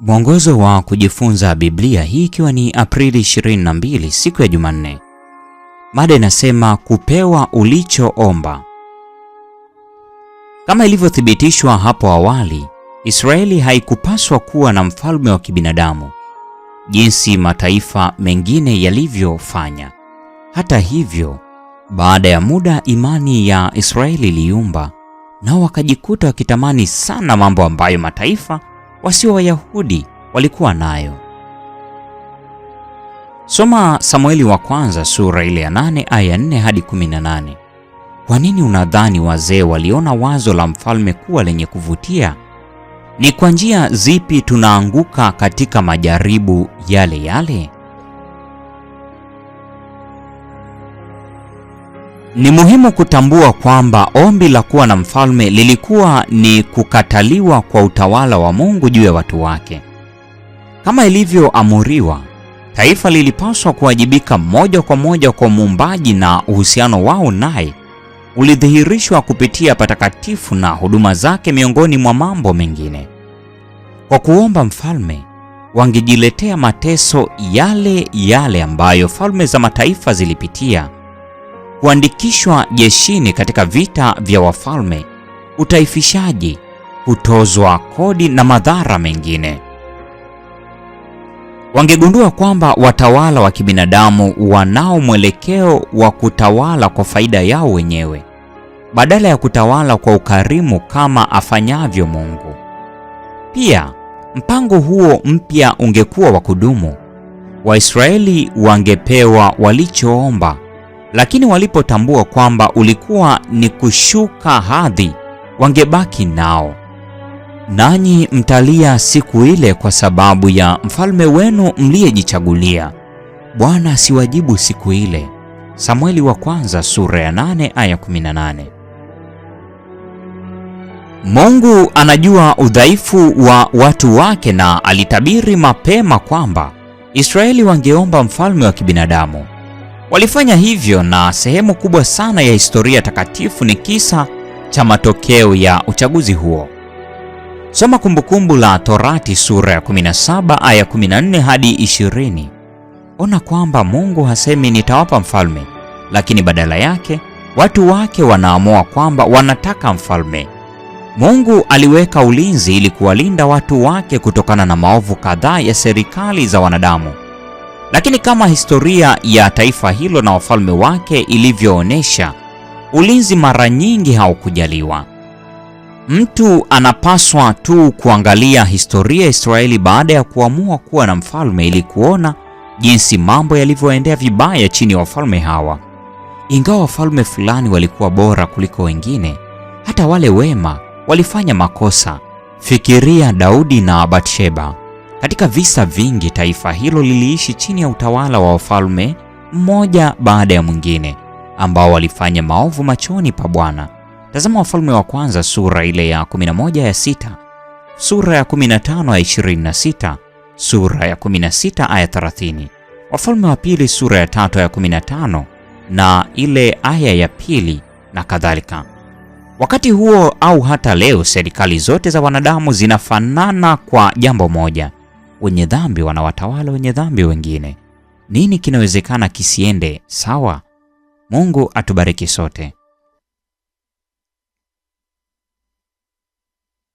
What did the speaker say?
Mwongozo wa kujifunza Biblia, hii ikiwa ni Aprili 22, siku ya Jumanne. Mada inasema kupewa ulichoomba. Kama ilivyothibitishwa hapo awali, Israeli haikupaswa kuwa na mfalme wa kibinadamu jinsi mataifa mengine yalivyofanya. Hata hivyo, baada ya muda imani ya Israeli iliumba, nao wakajikuta wakitamani sana mambo ambayo mataifa wasio Wayahudi walikuwa nayo. Soma Samueli wa kwanza sura ile ya 8 aya 4 hadi 18. Kwa nini unadhani wazee waliona wazo la mfalme kuwa lenye kuvutia? Ni kwa njia zipi tunaanguka katika majaribu yale yale? Ni muhimu kutambua kwamba ombi la kuwa na mfalme lilikuwa ni kukataliwa kwa utawala wa Mungu juu ya watu wake. Kama ilivyoamuriwa, taifa lilipaswa kuwajibika moja kwa moja kwa muumbaji na uhusiano wao naye ulidhihirishwa kupitia patakatifu na huduma zake miongoni mwa mambo mengine. Kwa kuomba mfalme, wangejiletea mateso yale yale ambayo falme za mataifa zilipitia kuandikishwa jeshini katika vita vya wafalme, utaifishaji, kutozwa kodi na madhara mengine. Wangegundua kwamba watawala wa kibinadamu wanao mwelekeo wa kutawala kwa faida yao wenyewe badala ya kutawala kwa ukarimu kama afanyavyo Mungu. Pia mpango huo mpya ungekuwa wa kudumu. Waisraeli wangepewa walichoomba lakini walipotambua kwamba ulikuwa ni kushuka hadhi, wangebaki nao. Nanyi mtalia siku ile kwa sababu ya mfalme wenu mliyejichagulia. Bwana siwajibu siku ile. Samueli wa kwanza sura ya 8 aya 18. Mungu anajua udhaifu wa watu wake na alitabiri mapema kwamba Israeli wangeomba mfalme wa kibinadamu. Walifanya hivyo na sehemu kubwa sana ya historia takatifu ni kisa cha matokeo ya uchaguzi huo. Soma Kumbukumbu la Torati sura ya 17 aya 14 hadi 20. Ona kwamba Mungu hasemi nitawapa mfalme, lakini badala yake watu wake wanaamua kwamba wanataka mfalme. Mungu aliweka ulinzi ili kuwalinda watu wake kutokana na maovu kadhaa ya serikali za wanadamu. Lakini kama historia ya taifa hilo na wafalme wake ilivyoonyesha, ulinzi mara nyingi haukujaliwa. Mtu anapaswa tu kuangalia historia ya Israeli baada ya kuamua kuwa na mfalme ili kuona jinsi mambo yalivyoendea vibaya chini ya wafalme hawa. Ingawa wafalme fulani walikuwa bora kuliko wengine, hata wale wema walifanya makosa. Fikiria Daudi na Bathsheba. Katika visa vingi, taifa hilo liliishi chini ya utawala wa wafalme mmoja baada ya mwingine ambao walifanya maovu machoni pa Bwana. Tazama Wafalme wa Kwanza sura ile ya 11 ya sita, sura ya 15 ya 26, sura ya 16 aya 30, Wafalme wa Pili sura ya tatu ya 15 na ile aya ya pili na kadhalika. Wakati huo au hata leo, serikali zote za wanadamu zinafanana kwa jambo moja, wenye dhambi wanawatawala wenye dhambi wengine. Nini kinawezekana kisiende sawa? Mungu atubariki sote.